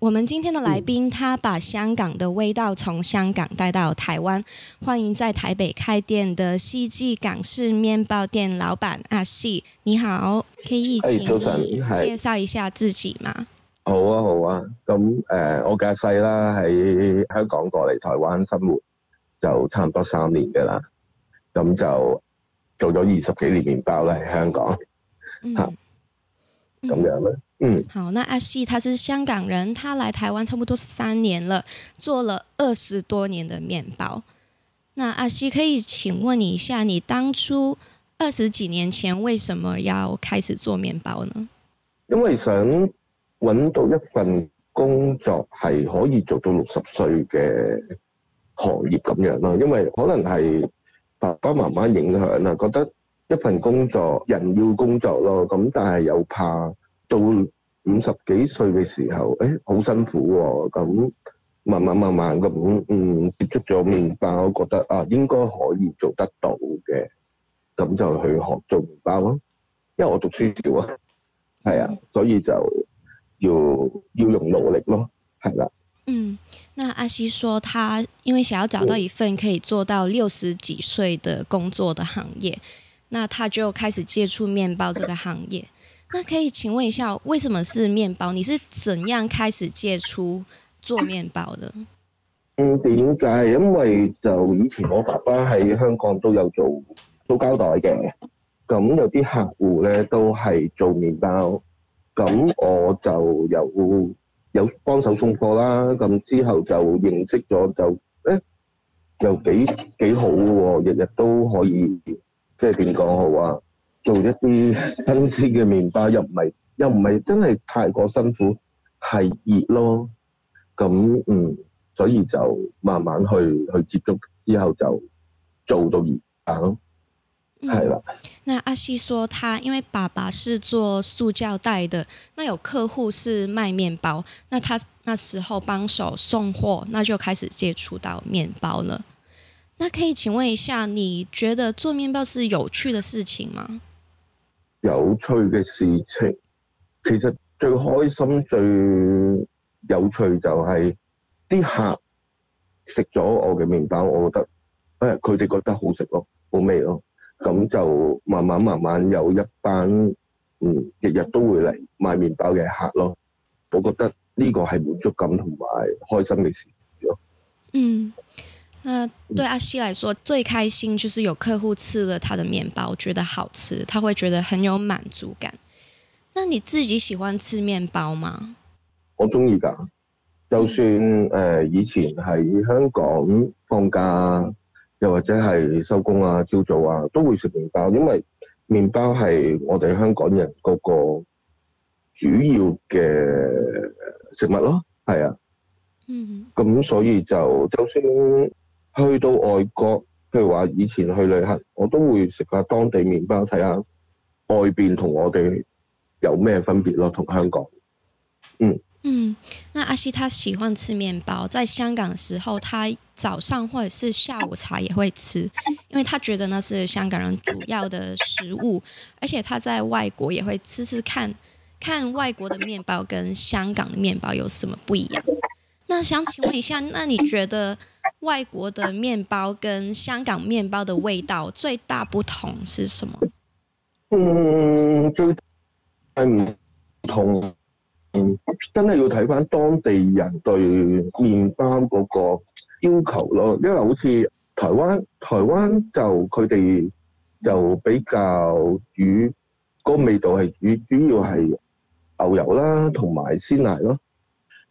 我們今天的來賓，他把香港的味道從香港帶到台灣，嗯，歡迎在台北開店的細記港式麵包店老闆阿細。你好，hey, 可以請你介紹一下自己嗎？好啊，好啊。咁誒、呃，我家細啦，喺香港過嚟台灣生活就差唔多三年噶啦。咁就做咗二十幾年麵包啦，喺香港咁、嗯啊、樣咧。嗯嗯，好。那阿細他是香港人，他來台灣差不多三年了，做了二十多年的麵包。那阿細可以請問你一下，你當初二十幾年前為什麼要開始做麵包呢？因為想搵到一份工作係可以做到六十歲嘅行業咁樣啦。因為可能係爸爸媽媽影響啦，覺得一份工作人要工作咯，咁但係又怕。到五十幾歲嘅時候，誒、欸、好辛苦喎、哦，咁慢慢慢慢咁，嗯，接觸咗麵包，我覺得啊，應該可以做得到嘅，咁就去學做麵包咯，因為我讀書少啊，係啊，所以就要要用努力咯，係啦、啊。嗯，那阿細說，他因為想要找到一份可以做到六十幾歲的工作的行業、嗯，那他就開始接觸麵包這個行業。那可以請問一下，為什麼是麵包？你是怎樣開始接觸做麵包的？嗯，點解？因為就以前我爸爸喺香港都有做做膠袋嘅，咁有啲客戶咧都係做麵包，咁我就有有幫手送貨啦。咁之後就認識咗，就誒又幾幾好喎、喔，日日都可以，即係點講好啊？做一啲新鮮嘅麵包，又唔係又唔係真係太過辛苦，係熱咯。咁嗯，所以就慢慢去去接觸之後就做到熱蛋咯，係、嗯嗯、啦。那阿希說他，他因為爸爸是做塑膠袋的，那有客戶是賣麵包，那他那時候幫手送貨，那就開始接觸到麵包了。那可以請問一下，你覺得做麵包是有趣的事情嗎？有趣嘅事情，其實最開心、最有趣就係、是、啲客食咗我嘅麵包，我覺得誒佢哋覺得好食咯，好味咯，咁就慢慢慢慢有一班嗯日日都會嚟買麵包嘅客咯，我覺得呢個係滿足感同埋開心嘅事咯。嗯。那對阿細來說、嗯、最開心就是有客戶吃了他的麵包，覺得好吃，他會覺得很有滿足感。那你自己喜歡吃麵包嗎？我中意㗎，就算誒、呃、以前喺香港放假，又或者係收工啊、朝早啊，都會食麵包，因為麵包係我哋香港人嗰個主要嘅食物咯，係啊。嗯，咁所以就就算。去到外國，譬如話以前去旅行，我都會食下當地麵包，睇下外邊同我哋有咩分別咯，同香港。嗯。嗯，那阿細他喜歡吃麵包，在香港的時候，他早上或者是下午茶也會吃，因為他覺得那是香港人主要的食物，而且他在外國也會吃吃看看外國的麵包跟香港的麵包有什麼不一樣。那想請問一下，那你覺得？外國的麵包跟香港麵包的味道最大不同是什麼？嗯，最係唔同，嗯，真係要睇翻當地人對麵包嗰個要求咯，因為好似台灣，台灣就佢哋就比較主、那個味道係主主要係牛油啦，同埋鮮奶咯。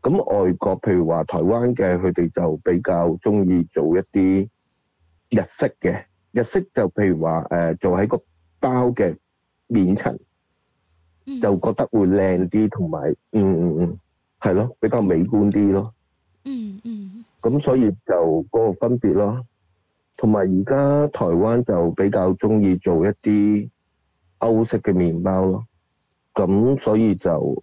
咁外國譬如話台灣嘅，佢哋就比較中意做一啲日式嘅，日式就譬如話誒、呃、做喺個包嘅面層、嗯，就覺得會靚啲同埋嗯嗯嗯，係咯比較美觀啲咯。嗯嗯。咁所以就個分別咯，同埋而家台灣就比較中意做一啲歐式嘅麵包咯，咁所以就。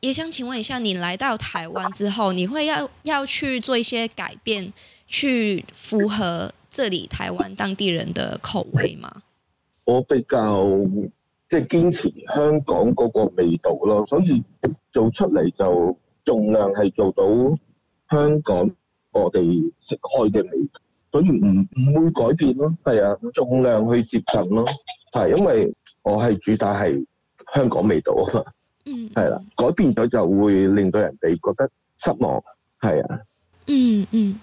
也想請問一下，你來到台灣之後，你會要要去做一些改變，去符合這裏台灣當地人的口味嗎？我比較即堅持香港嗰個味道咯，所以做出嚟就盡量係做到香港我哋食開嘅味道，所以唔唔會改變咯。係啊，盡量去接近咯，係啊，因為我係主打係香港味道。.係、嗯、啦，改變咗就會令到人哋覺得失望，係啊。嗯嗯，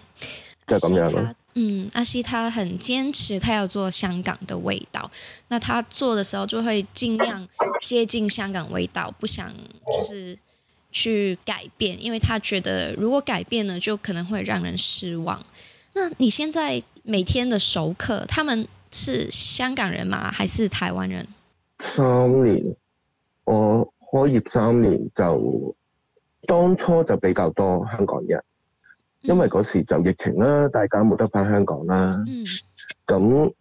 就咁樣嗯，阿細他、就是嗯、他很堅持，他要做香港的味道。那他做的時候就會盡量接近香港味道，不想就是去改變，因為他覺得如果改變呢，就可能會讓人失望。那你現在每天的熟客，他們是香港人嗎？還是台灣人？三年，我。開業三年，就當初就比較多香港人，嗯、因為嗰時就疫情啦，大家冇得返香港啦。咁、嗯、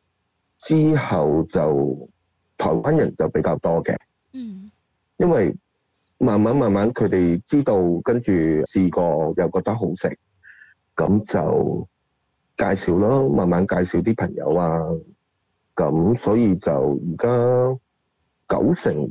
之後就台灣人就比較多嘅、嗯，因為慢慢慢慢佢哋知道跟住試過又覺得好食，咁就介紹咯，慢慢介紹啲朋友啊，咁所以就而家九成。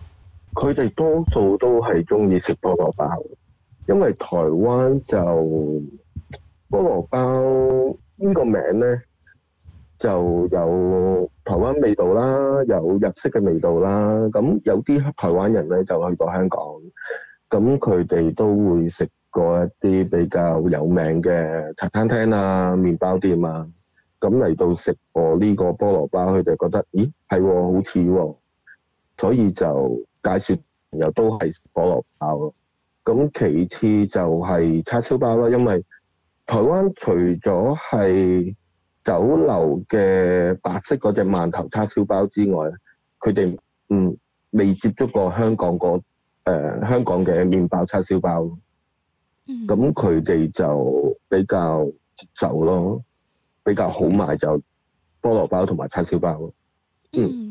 佢哋多數都係中意食菠蘿包，因為台灣就菠蘿包呢個名呢，就有台灣味道啦，有日式嘅味道啦。咁有啲台灣人呢，就去過香港，咁佢哋都會食過一啲比較有名嘅茶餐廳啊、麵包店啊，咁嚟到食過呢個菠蘿包，佢就覺得，咦係、喎、好似喎、哦，所以就。介紹又都係菠蘿包咯，咁其次就係叉燒包啦，因為台灣除咗係酒樓嘅白色嗰隻饅頭叉燒包之外，佢哋嗯未接觸過香港個誒、呃、香港嘅麵包叉燒包，咁佢哋就比較接受咯，比較好賣就菠蘿包同埋叉燒包咯，嗯。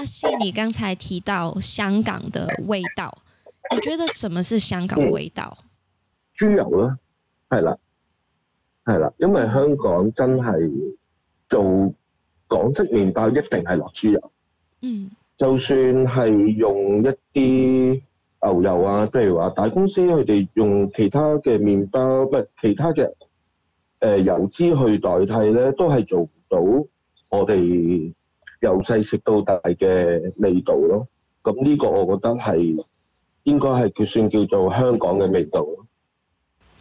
阿細你剛才提到香港的味道，你覺得什麼是香港的味道？嗯，豬油啊啦，係啦，係啦，因為香港真係做港式麵包一定係落豬油。嗯，就算係用一啲牛油啊，譬如話大公司佢哋用其他嘅麵包，唔、呃、係其他嘅誒、呃、油脂去代替咧，都係做唔到我哋。由細食到大嘅味道咯，咁呢個我覺得係應該係叫算叫做香港嘅味道哦、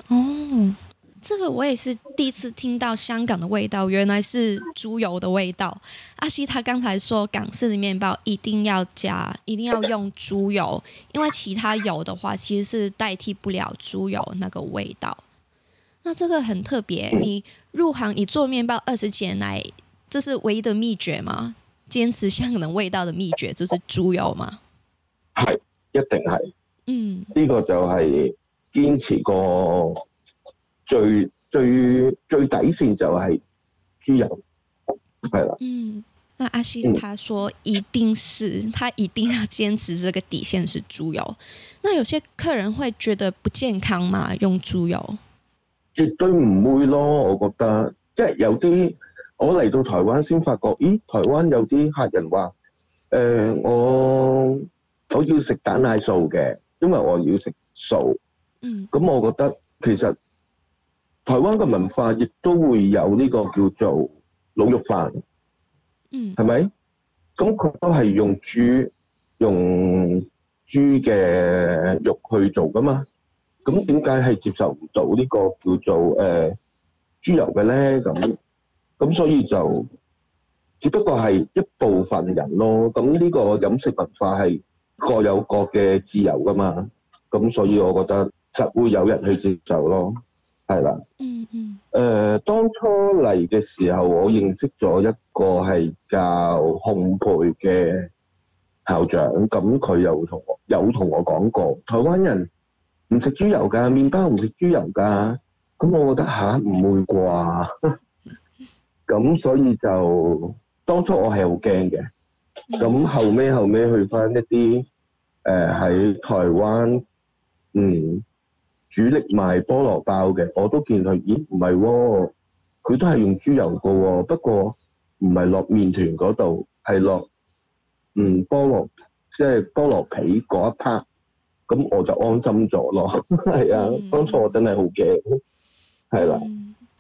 嗯，這個我也是第一次聽到香港的味道，原來是豬油的味道。阿細，他剛才說港式嘅麵包一定要加，一定要用豬油，因為其他油的話其實是代替不了豬油那個味道。那這個很特別，你入行你做麵包二十幾年來，這是唯一的秘訣嗎？堅持香港的味道的秘訣就是豬油嘛？係，一定係。嗯，呢、這個就係堅持過最最最底線就係豬油，係啦。嗯，阿細他說一定是，嗯、他一定要堅持這個底線是豬油。那有些客人會覺得不健康嘛？用豬油？絕對唔會咯，我覺得即係有啲。我嚟到台灣先發覺，咦？台灣有啲客人話，誒，我我要食蛋奶素嘅，因為我要食素。嗯。咁我覺得其實台灣嘅文化亦都會有呢個叫做滷肉飯。嗯。係咪？咁佢都係用豬用豬嘅肉去做㗎嘛？咁點解係接受唔到呢個叫做誒豬油嘅咧？咁？咁所以就，只不過係一部分人咯。咁呢個飲食文化係各有各嘅自由㗎嘛。咁所以我覺得就會有人去接受咯。係啦。嗯嗯。誒、呃，當初嚟嘅時候，我認識咗一個係教烘焙嘅校長。咁佢又同有同我講過，台灣人唔食豬油㗎，麵包唔食豬油㗎。咁我覺得吓唔、啊、會啩？ 咁所以就當初我係好驚嘅。咁後尾後尾去返一啲誒喺台灣，嗯，主力賣菠蘿包嘅，我都見佢，咦唔係喎，佢、哦、都係用豬油嘅喎、哦，不過唔係落麵團嗰度，係落嗯菠蘿即係、就是、菠蘿皮嗰一 part，咁我就安心咗咯，係啊、嗯，當初我真係好驚，係啦、啊。嗯。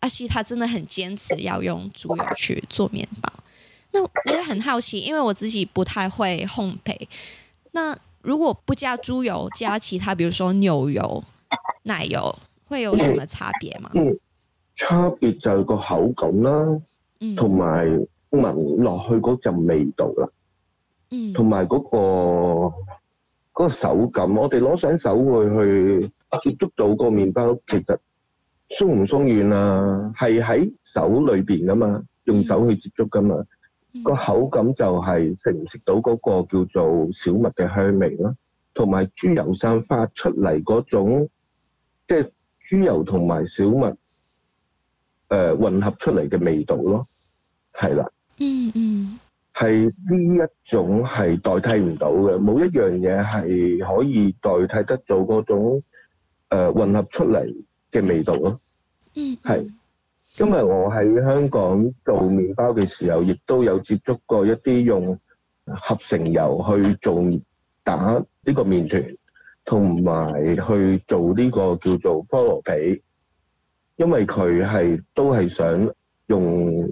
阿細，他真的很堅持要用豬油去做麵包。那我也很好奇，因為我自己不太會烘焙。那如果不加豬油，加其他，比如說牛油、奶油，會有什麼差別嗎？嗯嗯、差別就係個口感啦，同埋聞落去嗰陣味道啦，同、嗯、埋、嗰個、嗰個手感。我哋攞上手會去、啊、去接觸到個麵包，其實。鬆唔鬆軟啊？係喺手裏邊噶嘛，用手去接觸噶嘛，個口感就係食唔食到嗰個叫做小麥嘅香味咯，同埋豬油散發出嚟嗰種，即係豬油同埋小麥誒混合出嚟嘅味道咯，係啦，嗯嗯，係呢一種係代替唔到嘅，冇一樣嘢係可以代替得到嗰種誒混合出嚟嘅味道咯，嗯，係，因為我喺香港做麵包嘅時候，亦都有接觸過一啲用合成油去做打呢個麵團同埋去做呢個叫做菠蘿皮，因為佢係都係想用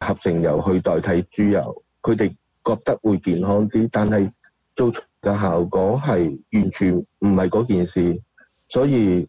合成油去代替豬油，佢哋覺得會健康啲，但係做出嘅效果係完全唔係嗰件事，所以。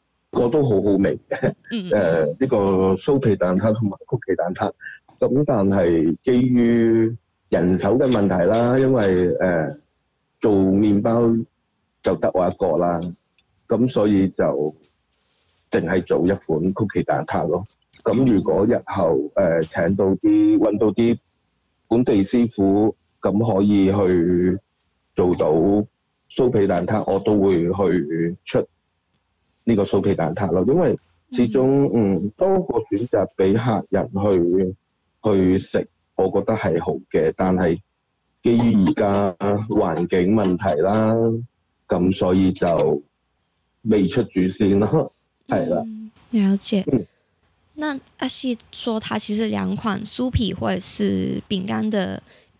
個都好好味嘅，誒呢個酥皮蛋撻同埋曲奇蛋撻，咁但係基於人手嘅問題啦，因為誒做麵包就得我一個啦，咁所以就淨係做一款曲奇蛋撻咯。咁如果日後誒請到啲揾，到啲本地師傅，咁可以去做到酥皮蛋撻，我都會去出呢個酥皮蛋塔咯，因為始終嗯，嗯多個選擇俾客人去去食，我覺得係好嘅。但係基於而家環境問題啦，咁所以就未出主線咯。係啦，嗯，了解。嗯、那阿細說，他其實兩款酥皮或者是餅乾的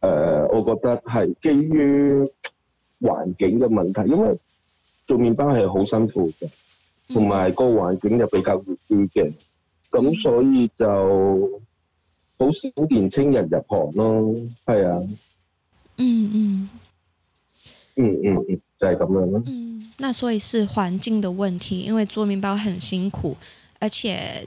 誒、呃，我覺得係基於環境嘅問題，因為做麵包係好辛苦嘅，同埋個環境又比較惡劣嘅，咁所以就好少年輕人入行咯。係啊，嗯嗯，嗯嗯嗯，就係咁樣咯。嗯，那所以是環境嘅問題，因為做麵包很辛苦，而且。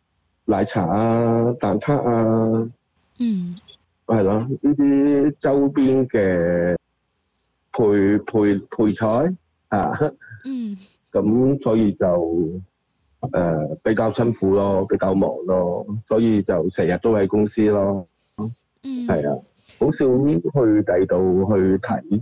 奶茶啊，蛋撻啊，嗯，係咯，呢啲周邊嘅配配配菜啊，嗯，咁所以就誒、呃、比較辛苦咯，比較忙咯，所以就成日都喺公司咯，嗯，係啊，好少去第度去睇。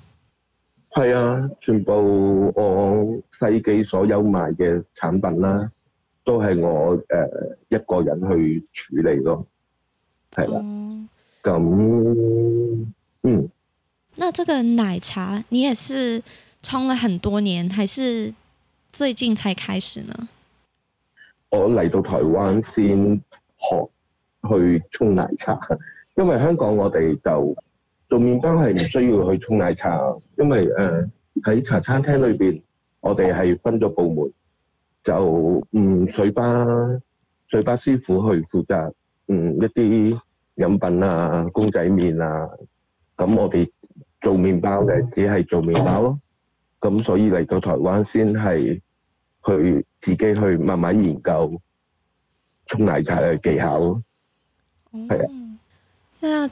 係啊，全部我細記所有賣嘅產品啦，都係我、呃、一個人去處理咯，係啦、啊。咁嗯，嗯，那這個奶茶你也是沖了很多年，還是最近才開始呢？我嚟到台灣先學去沖奶茶，因為香港我哋就，做麵包係唔需要去沖奶茶，因為誒喺、呃、茶餐廳裏邊，我哋係分咗部門，就唔、嗯、水吧，水吧師傅去負責，嗯一啲飲品啊、公仔麵啊，咁我哋做麵包嘅只係做麵包咯，咁所以嚟到台灣先係去自己去慢慢研究沖奶茶嘅技巧，係啊，嗯嗯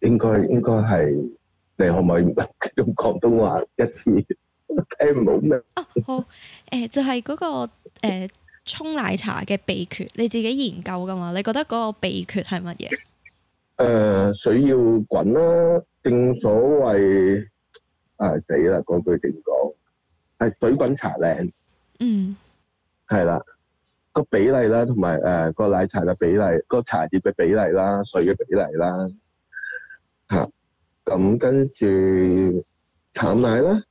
應該應該係你可唔可以用廣東話一次？ 聽唔到咩？哦好，誒、呃、就係、是、嗰、那個誒、呃、沖奶茶嘅秘訣，你自己研究㗎嘛？你覺得嗰個秘訣係乜嘢？誒、呃、水要滾啦，正所謂誒、啊、死啦嗰句點講係水滾茶靚。嗯，係啦，個比例啦，同埋誒個奶茶嘅比例、個茶葉嘅比例啦、水嘅比例啦。咁跟住淡奶啦。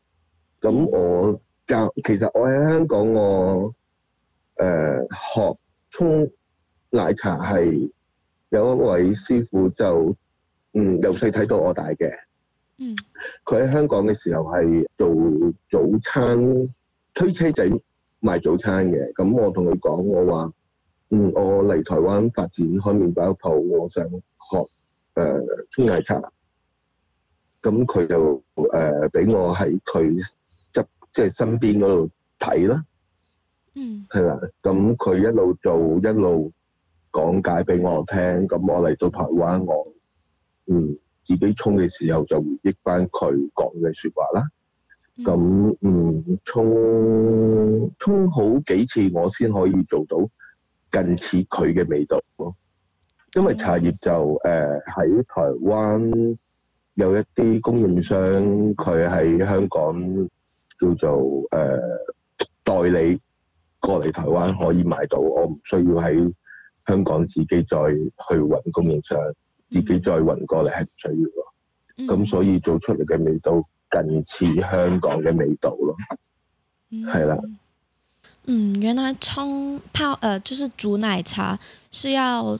咁我教，其實我喺香港我，我、呃、誒學沖奶茶係有一位師傅就嗯由細睇到我大嘅。嗯。佢喺香港嘅時候係做早餐推車仔賣早餐嘅。咁我同佢講，我話嗯我嚟台灣發展開麵包舖，我想學誒、呃、沖奶茶。咁佢就誒俾、呃、我喺佢執即係身邊嗰度睇啦，嗯，係啦。咁佢一路做一路講解俾我，我聽，咁我嚟到台灣，我嗯自己沖嘅時候就回憶翻佢講嘅說話啦。咁嗯，嗯，沖沖好幾次，我先可以做到近似佢嘅味道咯。因為茶葉就誒喺、嗯呃、台灣。有一啲供應商佢喺香港叫做誒、呃、代理過嚟台灣可以買到，我唔需要喺香港自己再去揾供應商，自己再揾過嚟係唔需要咯。咁、嗯、所以做出嚟嘅味道近似香港嘅味道咯，係、嗯、啦。嗯，原來沖泡誒、呃、就是煮奶茶需要。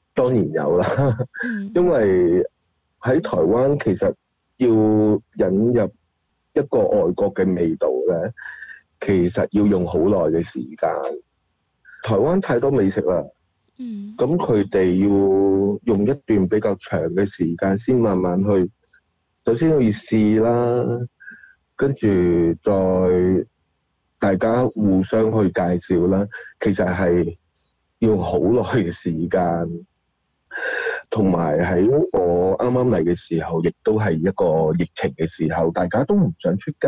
當然有啦，因為喺台灣其實要引入一個外國嘅味道咧，其實要用好耐嘅時間。台灣太多美食啦，咁佢哋要用一段比較長嘅時間先慢慢去，首先去試啦，跟住再大家互相去介紹啦。其實係要用好耐嘅時間。同埋喺我啱啱嚟嘅時候，亦都係一個疫情嘅時候，大家都唔想出街，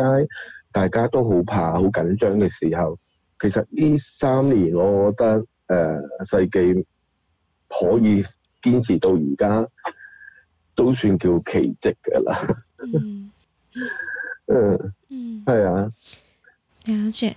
大家都好怕、好緊張嘅時候。其實呢三年，我覺得誒、呃、細記可以堅持到而家，都算叫奇蹟㗎啦。嗯， 嗯。嗯。係啊。了解。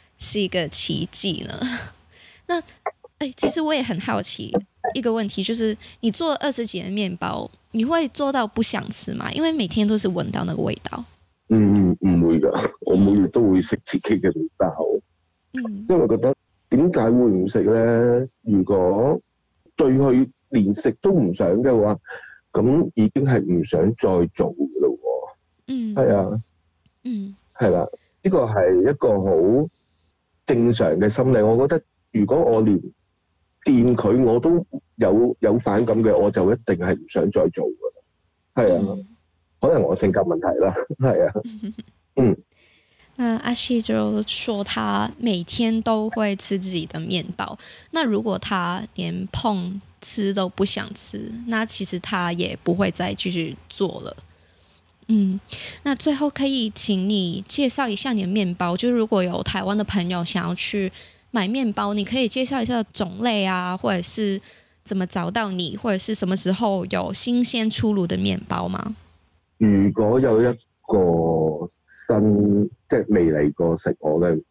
是一個奇跡呢。那誒，其實我也很好奇一個問題，就是你做二十幾年麵包，你會做到不想吃嗎？因為每天都是聞到那個味道。嗯嗯，唔會噶，我每日都會食自己嘅麵包。嗯，因為我覺得點解會唔食咧？如果對佢連食都唔想嘅話，咁已經係唔想再做噶咯。嗯，係啊，嗯，係啦，呢個係一個好。正常嘅心理，我覺得如果我連掂佢我都有有反感嘅，我就一定係唔想再做嘅。係啊、嗯，可能我性格問題啦。係啊，嗯。那阿細就說他每天都會吃自己的麵包，那如果他連碰吃都不想吃，那其實他也不會再繼續做了。嗯，那最後可以請你介紹一下你的麵包，就如果有台灣的朋友想要去買麵包，你可以介紹一下種類啊，或者是怎麼找到你，或者是什麼時候有新鮮出爐的麵包嗎？如果有一個新即係未嚟過食我嘅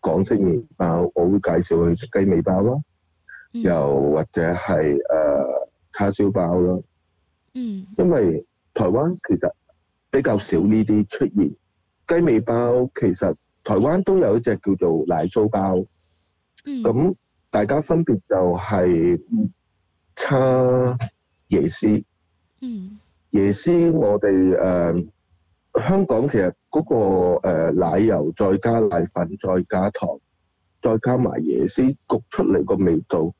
港式麵包，我會介紹佢雞尾包咯、嗯，又或者係誒、呃、叉燒包咯，嗯，因為台灣其實。比較少呢啲出現，雞尾包其實台灣都有一隻叫做奶酥包，咁、嗯、大家分別就係差椰絲，嗯、椰絲我哋、呃、香港其實嗰個、呃、奶油再加奶粉再加糖，再加埋椰絲焗出嚟，個味道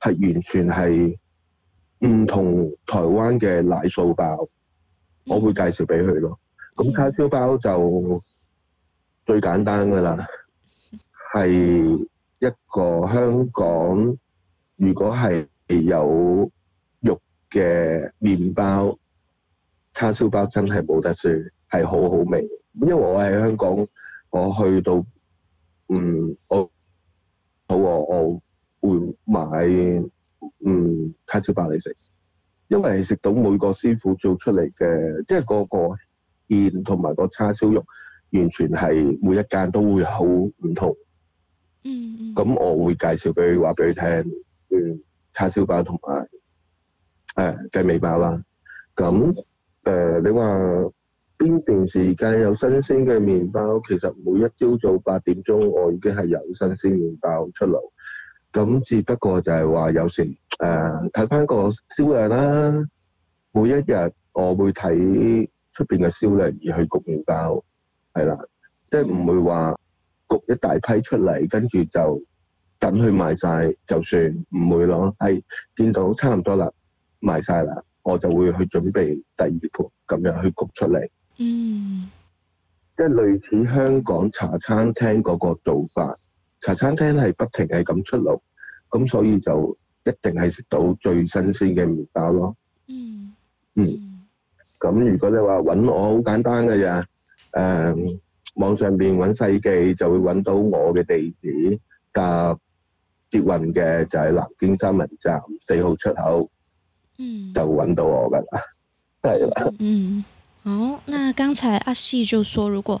係完全係唔同台灣嘅奶酥包。我會介紹俾佢咯。咁叉燒包就最簡單㗎啦，係一個香港如果係有肉嘅麵包，叉燒包真係冇得算，係好好味。因為我喺香港，我去到嗯，我好餓，我會買嗯叉燒包嚟食。因為食到每個師傅做出嚟嘅，即係嗰個麵同埋個叉燒肉，完全係每一間都會好唔同。嗯咁我會介紹俾你話俾你聽，嗯，叉燒包同埋誒雞尾包啦。咁，呃，你話邊段時間有新鮮嘅麵包？其實每一朝早八點鐘，我已經係有新鮮麵包出爐。咁只不過就係話有時誒睇翻個銷量啦，每一日我會睇出面嘅銷量而去焗麵包，係啦，即係唔會話焗一大批出嚟，跟住就等佢賣晒就算，唔會咯。係見到差唔多啦，賣晒啦，我就會去準備第二盤咁樣去焗出嚟。嗯，即係類似香港茶餐廳嗰個做法。茶餐廳係不停係咁出爐，咁所以就一定係食到最新鮮嘅麪包咯。嗯，嗯。咁如果你話揾我，好簡單嘅啫。誒、嗯，網上邊揾細記就會揾到我嘅地址，搭捷運嘅就喺南京三民站四號出口，嗯，就揾到我㗎啦。係啦。嗯，好。那剛才阿細就說，如果